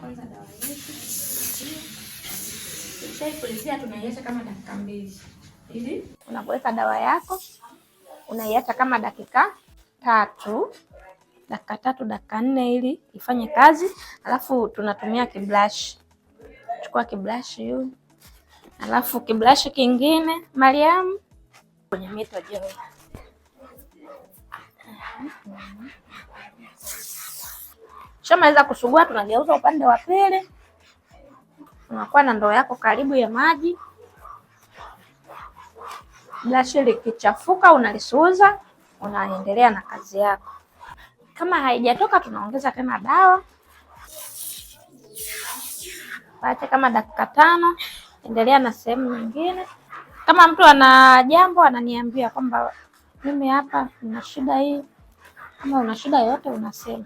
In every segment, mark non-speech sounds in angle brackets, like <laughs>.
kwanza dawa yetu. Tukishaipulizia tunaiacha kama dakika mbili hivi. Unapoweka dawa yako unaiacha kama dakika tatu dakika tatu dakika nne ili ifanye kazi, alafu tunatumia kiblashi. Chukua kiblashi hiyo, alafu kiblashi kingine Mariamu kwenye mito jeo Shamaweza kusugua, tunageuza upande wa pili, unakuwa na ndoo yako karibu ya maji. Brashi likichafuka unalisuuza, unaendelea na kazi yako. Kama haijatoka, tunaongeza tena dawa, pate kama dakika tano, endelea na sehemu nyingine. Kama mtu ana jambo ananiambia kwamba mimi hapa nina shida hii, kama una shida yoyote unasema.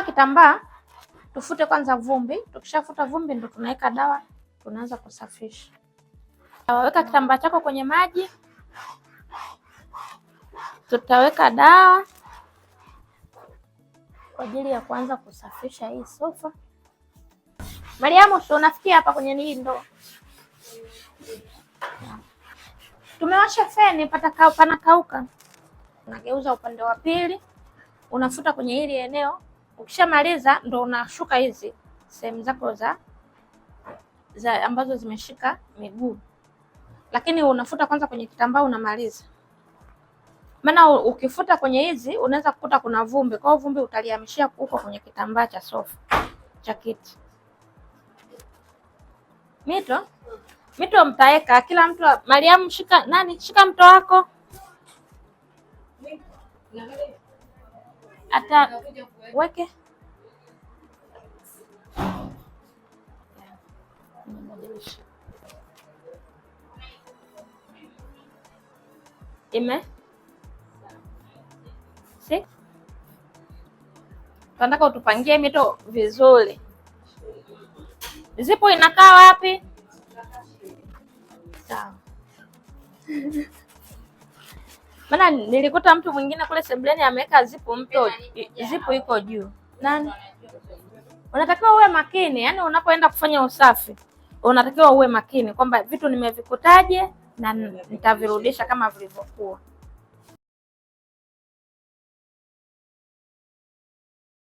Tutachukua kitambaa tufute kwanza vumbi, tukishafuta vumbi ndo tunaweka dawa, tunaanza kusafisha. Tutaweka kitambaa chako kwenye maji, tutaweka dawa kwa ajili ya kuanza kusafisha hii sofa. Mariamu, si unafikia hapa kwenye hii ndoo? Tumewasha feni panakauka, unageuza upande wa pili, unafuta kwenye hili eneo Ukishamaliza ndo unashuka hizi sehemu zako za, za ambazo zimeshika miguu, lakini unafuta kwanza kwenye kitambaa unamaliza, maana ukifuta kwenye hizi unaweza kukuta kuna vumbi, kwa hiyo vumbi utalihamishia huko kwenye kitambaa cha sofa cha kiti. Mito mito mtaeka kila mtu. Mariamu, shika nani, shika mto wako hata weke ime si tunataka utupangie mito vizuri. Zipo inakaa wapi? Sawa. <laughs> maana nilikuta mtu mwingine kule sebuleni ameweka zipu mto zipu iko juu. Nani? Unatakiwa uwe makini, yani unapoenda kufanya usafi unatakiwa uwe makini kwamba vitu nimevikutaje na nitavirudisha kama vilivyokuwa.